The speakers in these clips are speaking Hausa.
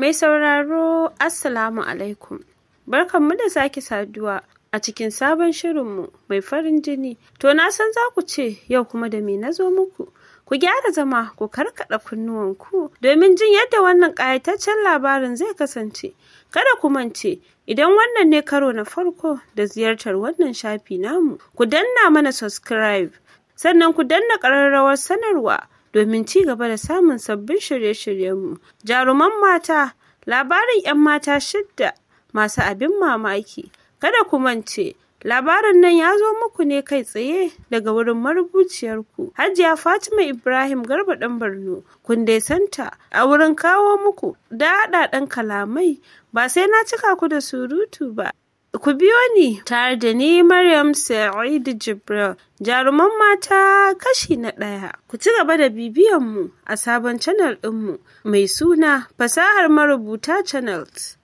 Mai sauraro Assalamu alaikum. Barkanmu da sake saduwa a cikin sabon shirinmu mai farin jini. To na san za ku ce yau kuma da me na zo muku. Ku gyara zama ku karkaɗa kunnuwanku domin jin yadda wannan ƙayataccen labarin zai kasance. Kada ku mance Idan wannan ne karo na farko da ziyartar wannan shafi namu, ku danna mana subscribe, sannan ku danna ƙararrawar sanarwa domin ci gaba da samun sabbin shirye-shiryenmu. Jaruman mata, labarin 'yan mata shidda masu abin mamaki. Kada ku mance, labarin nan ya zo muku ne kai tsaye daga wurin marubuciyarku. Hajiya Fatima Ibrahim Garba ɗan Borno, kun santa a wurin kawo muku daɗaɗɗen kalamai ba sai na cika ku da surutu ba. Ku biyo ni tare da ni Maryam Sa'idu Jibril, jaruman mata kashi na ɗaya. Ku ci gaba da bibiyanmu a sabon channel ɗinmu mai suna fasahar marubuta channels.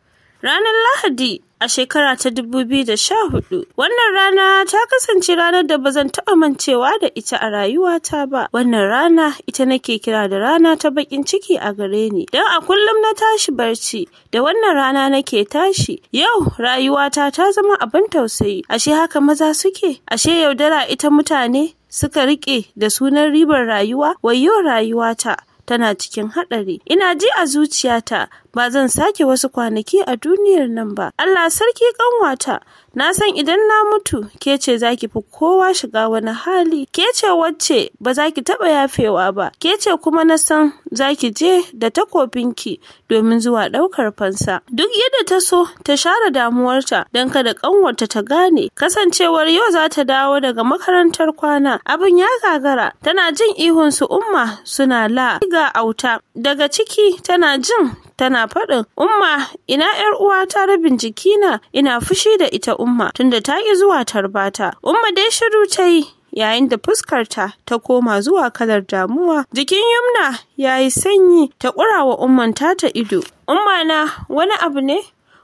Ranar Lahadi a shekara ta 2014. Wannan rana ta kasance ranar da bazan zan taɓa mancewa da ita a rayuwata ba. Wannan rana ita nake kira da rana ta bakin ciki a gare ni. Don a kullum na tashi barci, da wannan rana nake tashi. Yau rayuwata ta zama abin tausayi. Ashe haka maza suke? Ashe yaudara ita mutane suka riƙe da sunan ribar rayuwa? Wayyo rayuwata. tana cikin haɗari. Ina ji a zuciyata ba zan sake wasu kwanaki a duniyar nan ba. Allah sarki kanwata, na san idan na mutu ke ce za ki fi kowa shiga wani hali, ke ce wacce ba za ki taɓa yafewa ba, ke ce kuma na san za ki je da takofinki domin zuwa ɗaukar fansa. Duk yadda ta so ta share damuwarta don kada kanwarta ta gane, kasancewar yau za ta dawo daga makarantar kwana. Abin ya gagara, tana jin ihun su umma suna la ga auta. Daga ciki tana jin tana faɗin umma ina yar uwata rabin jikina ina fushi da ita umma tunda ta ki zuwa tarbata umma dai shiru ta yi yayin da fuskarta ta koma zuwa kalar damuwa jikin yumna ya yi sanyi ta ƙurawa umman ta ido umma na wani abu ne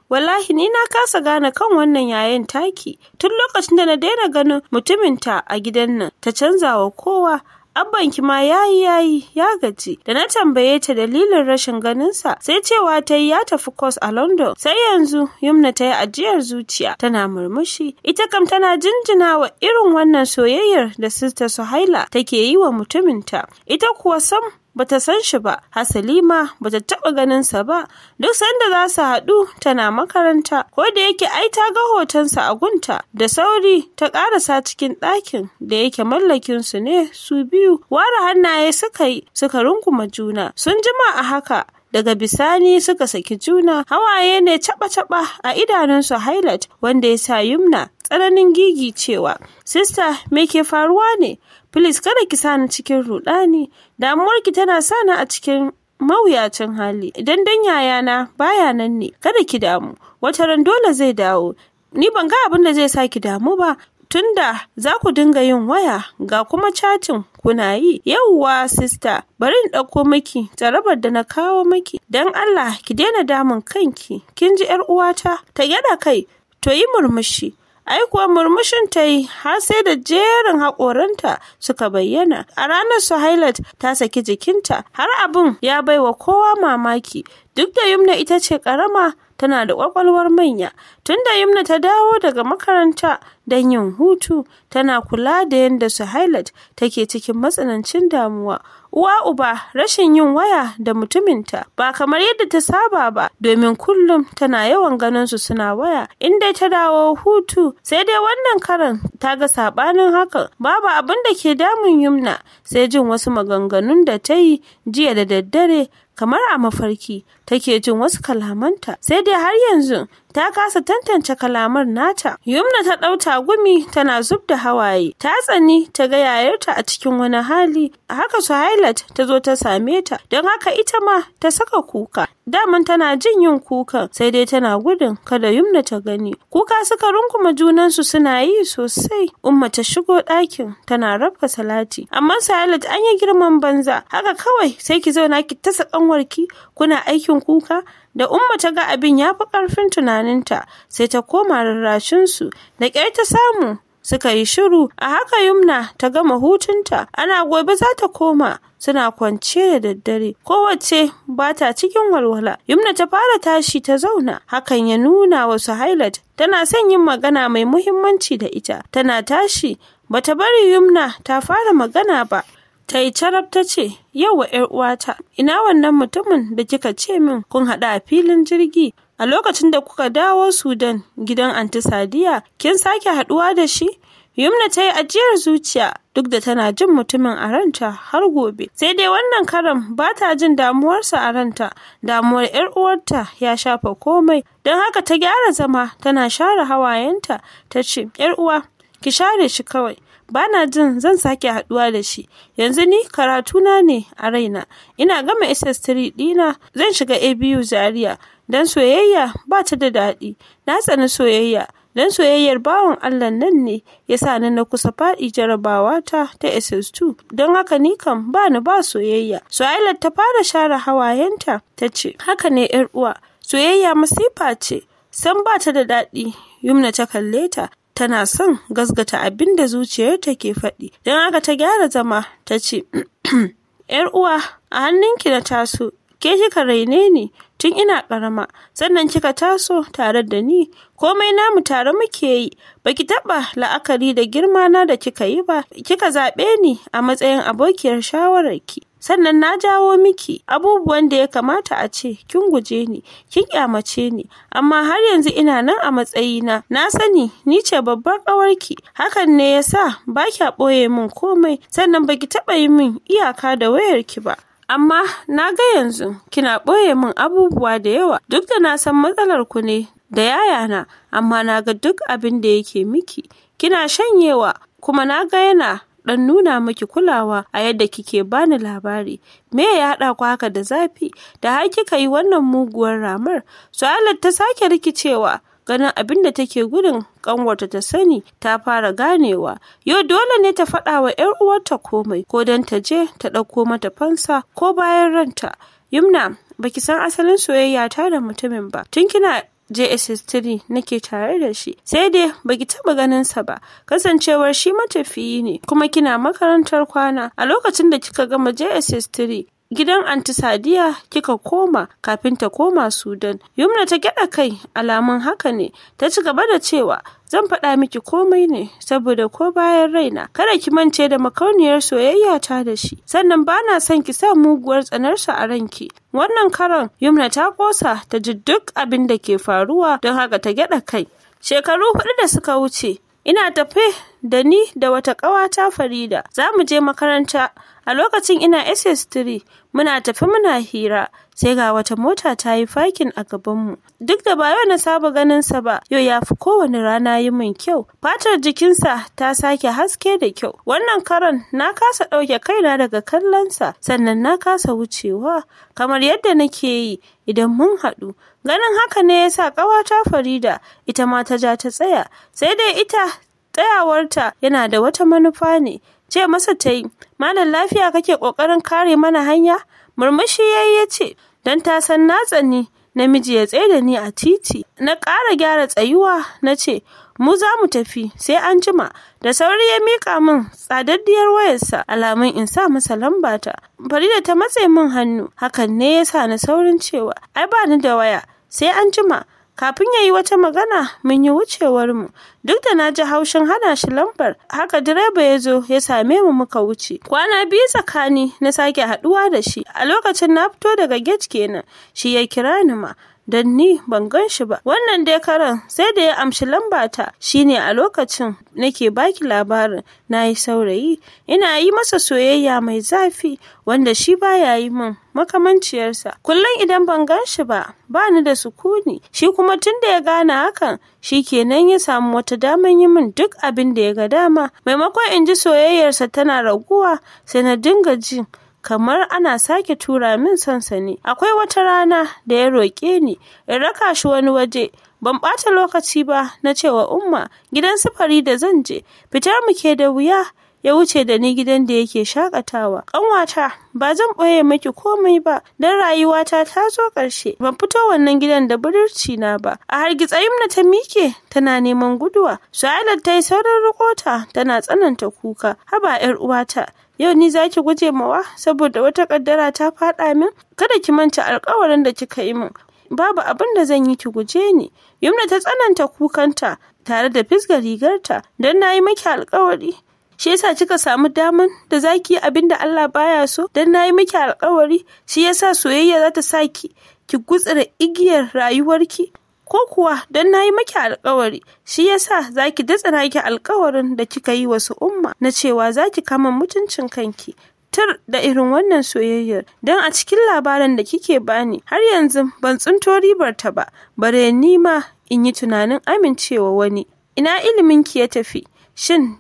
wallahi ni na kasa gane kan wannan yayin taki tun lokacin da na daina ganin mutuminta a gidan nan ta canza wa kowa abban ki ma yayi yayi ya gaji da na tambaye ta dalilin rashin ganinsa sai cewa ta yi ya tafi kos a london sai yanzu yumna ta yi ajiyar zuciya tana murmushi ita kam tana jinjina wa irin wannan soyayyar da sister suhaila take yi wa mutuminta ita kuwa sam bata san shi ba hasali ma bata taba ganin sa ba duk sanda za su haɗu tana makaranta ko da yake ai ta ga hotonsa a gunta da sauri ta ƙarasa cikin ɗakin da yake mallakin su ne su biyu ware hannaye suka yi suka runguma juna sun jima a haka daga bisani suka saki juna hawaye ne caba-caba a idanunsu highlight wanda ya sa yumna tsananin gigi cewa sista me ke faruwa ne Filis, kada ki sani cikin rudani. Damuwarki tana sani a cikin mawuyacin hali. Idan dan yayana baya nan ne, kada ki damu. Wata ran dole zai dawo. Ni ban ga abin da zai sa ki damu ba. Tunda za ku dinga yin waya ga kuma chatin kuna yi. Yauwa sista, bari in ɗauko miki jarabar da na kawo miki. Don Allah ki daina damun kanki. Kin ji 'yar uwata? Ta gyada kai, to yi murmushi. Ai kuwa murmushin ta yi har sai da jerin haƙoranta suka bayyana. A ranar Suhailat ta saki jikinta har abin ya baiwa kowa mamaki. Duk da Yumna ita ce ƙarama tana da kwakwalwar manya. Tunda Yumna ta dawo daga makaranta don yin hutu, tana kula da yadda su hailat take cikin matsanancin damuwa. Uwa uba rashin yin waya da mutuminta ba kamar yadda ta saba ba domin kullum tana yawan ganin su suna waya in dai ta dawo hutu sai dai wannan karan ta ga sabanin hakan babu abin da ke damun Yumna sai jin wasu maganganun da ta yi jiya da daddare kamar a mafarki take jin wasu kalamanta sai dai har yanzu ta kasa tantance kalamar nata yumna ta ɗauta gumi tana zub da hawaye ta tsani ta ga yayarta a cikin wani hali A haka suhailat ta zo ta same ta don haka ita ma ta saka kuka daman tana jin yin kuka. sai dai tana gudun kada yumna ta gani kuka suka runguma junansu suna yi sosai umma ta shigo ɗakin tana raba salati amma sahalat an yi girman banza haka kawai sai ki zauna ki tasa ƙanwarki kuna aikin kuka Da Umma ta ga abin ya fi ƙarfin tunaninta sai ta koma rarrashinsu da ƙyar ta samu suka yi shiru a haka Yumna ta gama hutunta ana gobe za ta koma suna kwance da daddare Kowacce ba ta cikin walwala Yumna ta fara tashi ta zauna hakan ya nuna wasu hailat. tana son yin magana mai muhimmanci da ita tana tashi Ba ta bari Yumna ta fara magana ba ta yi carab ta ce yau wa uwata ina wannan mutumin da kika ce min kun haɗu a filin jirgi a lokacin da kuka dawo sudan gidan anti sadiya kin sake haɗuwa da shi yumna ta yi ajiyar zuciya duk da tana jin mutumin a ranta har gobe sai dai wannan karam ba ta jin damuwarsa a ranta damuwar yar uwarta ya shafa komai don haka ta gyara zama tana share hawayenta ta ce yar uwa ki share shi kawai bana jin zan sake haduwa da shi, yanzu ni karatuna ne a raina, ina gama SS3 dina. zan shiga ABU Zaria, Dan soyayya ba ta da daɗi, na tsani soyayya, Dan soyayyar bawan Allah nan ne ya sa ni na kusa faɗi jarabawa ta ta SS2, don haka ni kam ba ba soyayya. Su'ailat ta fara share hawayenta ta ce, haka ne 'yar uwa, soyayya masifa ce, san ba ta da daɗi, Yumna ta kalle ta tana son gasgata abin da zuciyar ta ke faɗi don haka ta gyara zama ta ce yar uwa a hannunki na taso ke kika raine ni tun ina ƙarama, sannan kika taso tare da ni komai namu tare muke yi baki taɓa la'akari da girmana da kika yi ba kika zaɓe ni a matsayin abokiyar shawararki sannan na jawo miki abubuwan da ya kamata a ce kin guje ni kin kyamace ni amma har yanzu ina nan a matsayina na sani ni ce babbar ƙawarki hakan ne yasa ba kya ɓoye min komai sannan ba ki taɓa yi min iyaka da wayarki ba amma na ga yanzu kina ɓoye min abubuwa da yawa duk da na san matsalar ku ne da yayana amma na ga duk abin da yake miki kina shanyewa kuma na ga yana dan nuna miki kulawa a yadda kike bani labari me ya haɗa ku haka da zafi da har kika yi wannan muguwar ramar su'alar ta sake rikicewa ganin abin da take gudun kanwarta ta sani ta fara ganewa Yo dole ne ta faɗawa wa 'yar uwarta komai ko dan ta je ta ɗauko mata fansa ko bayan ranta yumna baki san asalin soyayya ta da mutumin ba tun kina JSS3 nake tare da shi. Sai dai baki taba ganin sa ba, kasancewar shi matafiyi ne kuma kina makarantar kwana. A lokacin da kika gama JSS3 gidan anti sadiya kika koma kafin ta koma sudan yumna ta gyada kai alamun haka ne ta ci gaba da cewa zan faɗa miki komai ne saboda ko bayan raina kada ki mance da makauniyar soyayya ta da shi sannan bana son ki sa muguwar tsanarsa a ranki wannan karon yumna ta kosa ta ji duk abin da ke faruwa don haka ta gyada kai shekaru huɗu da suka wuce ina tafe da ni da wata ƙawata Farida za mu je makaranta a lokacin ina SS3 muna tafi muna hira sai ga wata mota ta yi fakin a gabanmu duk da ba yau na saba ganinsa ba yau ya fi kowane rana yi min kyau fatar jikinsa ta sake haske da kyau wannan karon. na kasa ɗauke kaina daga kallonsa sannan na kasa wucewa kamar yadda nake yi idan mun haɗu ganin haka ne ya sa ƙawata farida ita ma ta ja ta tsaya sai dai ita tsayawarta yana da wata manufa ne ce masa ta yi malam lafiya kake ƙoƙarin kare mana hanya murmushi ya yi ya ce don ta san na tsani namiji ya tsaye da ni a titi na ƙara gyara tsayuwa na ce mu za mu tafi sai an jima da sauri ya miƙa min tsadaddiyar wayarsa alamun in sa masa lambata farida ta matse min hannu hakan ne ya sa na saurin cewa ai ba ni da waya sai an jima Kafin ya yi wata magana, mun yi wucewar mu. duk da na ji haushin hana shi lambar, haka direba ya zo ya same mu muka wuce. Kwana biyu tsakani na sake haduwa da shi, a lokacin na fito daga gate kenan, shi ya kira ni ma. don ni ban gan shi ba. Wannan dai karan sai da ya amshi lambata shine a lokacin nake baki labarin na yi saurayi ina yi masa soyayya mai zafi wanda shi baya yi min makamanciyarsa kullum idan ban gan shi ba ba ni da sukuni shi kuma tun da ya gane hakan shi kenan ya samu wata daman yi min duk abin da ya ga dama maimakon in ji soyayyarsa tana raguwa sai na dinga jin kamar ana sake tura min sansani. Akwai wata rana da ya roƙe ni in raka shi wani waje ban ɓata lokaci ba na cewa umma gidan sufari da zan je fitar mu ke da wuya ya wuce da ni gidan da yake shakatawa ƙanwata ba zan ɓoye miki komai ba don rayuwata ta zo ƙarshe ban fito wannan gidan da budurci na ba a hargitsayin na ta mike tana neman guduwa su'alar ta yi saurin rikota tana tsananta kuka haba yar uwata yau ni zaki guje mawa saboda wata kaddara ta faɗa min kada ki manta alkawarin da kika yi min babu abin da zan yi ki guje ni yumna ta tsananta kukanta tare da fisga rigarta don na yi maki alkawari shi yasa kika samu daman da zaki yi abin da Allah baya so don na yi miki alkawari shi yasa soyayya za ta sa ki gutsura gutsira igiyar rayuwarki ko kuwa don na yi maki alkawari shi yasa za ki na yake alkawarin da kika yi wasu umma na cewa za ki kama mutuncin kanki tur da irin wannan soyayyar don a cikin labarin da kike bani har yanzu ban tsinto ribar ta ba bare ni ma in yi tunanin amincewa wani ina ilimin ki ya tafi shin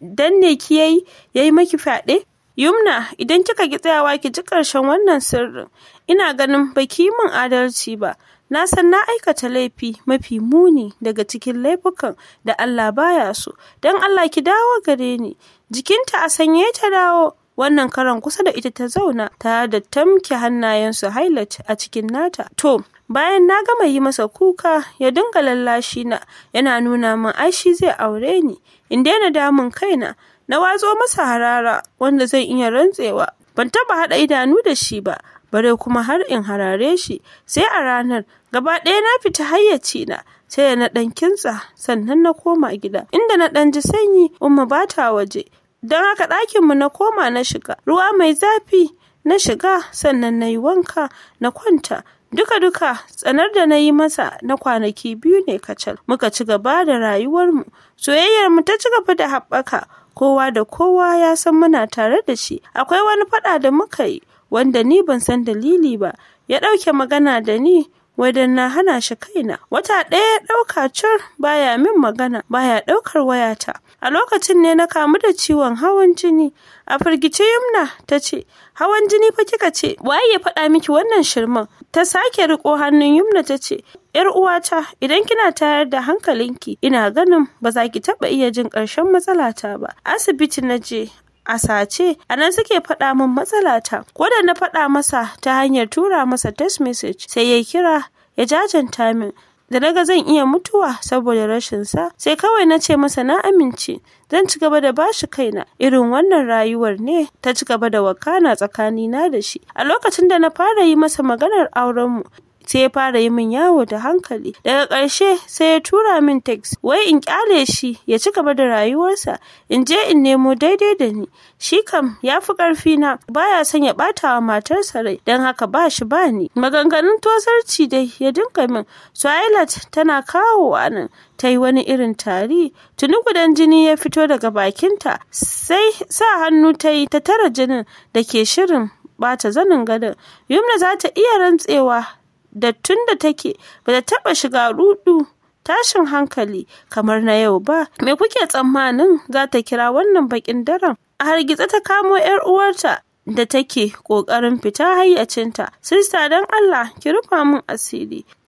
dan ne ki yayi yayi maki fyaɗe Yumna, idan kika ki tsayawa ki ji karshen wannan sirrin, ina ganin baki min adalci ba, Na san na aikata laifi mafi muni daga cikin laifukan da Allah baya su. don Allah ki dawo gare ni. Jikinta a sanye ta dawo, wannan karan kusa da ita ta zauna Ta da tamke hannayensu hailat a cikin nata. To, bayan na gama yi masa kuka ya dinga lallashi na yana nuna min Aishi zai aure ni in daina damun kaina na watso masa harara wanda zan iya rantsewa ban taba hada idanu da shi ba bare kuma har in harare shi sai a ranar gaba ɗaya na fita hayyaci na sai na ɗan kintsa sannan na koma gida inda na ɗan ji sanyi umma ba ta waje don haka ɗakinmu na koma na shiga ruwa mai zafi na shiga sannan na yi wanka na kwanta duka-duka tsanar da na yi masa na kwanaki biyu ne kacal muka ci gaba da rayuwarmu mu ta ci gaba da haɓaka kowa da kowa ya san muna tare da shi akwai wani faɗa da muka yi wanda ni ban san dalili ba, ya ɗauke magana da ni wadan na hana shi kaina. Wata ɗaya ya ɗauka cur baya min magana, baya ɗaukar wayata. A lokacin ne na kamu da ciwon hawan jini. A firgice Yumna ta ce, "Hawan jini fa kika ce, waye ya faɗa miki wannan shirman?" Ta sake riko hannun Yumna ta ce, "Yar uwata, idan kina tayar da hankalinki, ina ganin ba za ki taɓa iya jin ƙarshen matsalata ba." Asibiti na je, a sace a nan suke faɗa min matsalata ko da na faɗa masa ta hanyar tura masa text message sai ya kira ya jajanta min da daga zan iya mutuwa saboda rashin sa sai kawai na ce masa na amince zan ci gaba da bashi kaina irin wannan rayuwar ne ta ci gaba da wakana tsakanina da shi a lokacin da na fara yi masa maganar aurenmu sai ya fara yi min yawo da hankali daga ƙarshe sai ya tura min text wai in kyale shi ya ci gaba da rayuwarsa in je in nemo daidai da ni shi kam ya fi ƙarfi na baya son ya ɓata wa matarsa rai don haka ba shi ba ni maganganun tosarci dai ya dinga min toilet tana kawo nan ta yi wani irin tari tuni gudan jini ya fito daga bakinta sai sa hannu ta yi ta tara jinin da ke shirin bata zanin gadon yumna za ta iya rantsewa da tun da take ba da taɓa shiga rudu tashin hankali kamar na yau ba me kuke tsammanin za ta kira wannan bakin daren a hargitse ta kamo yar uwarta da take ƙoƙarin fita hayyacinta sista don allah ki rufa min asiri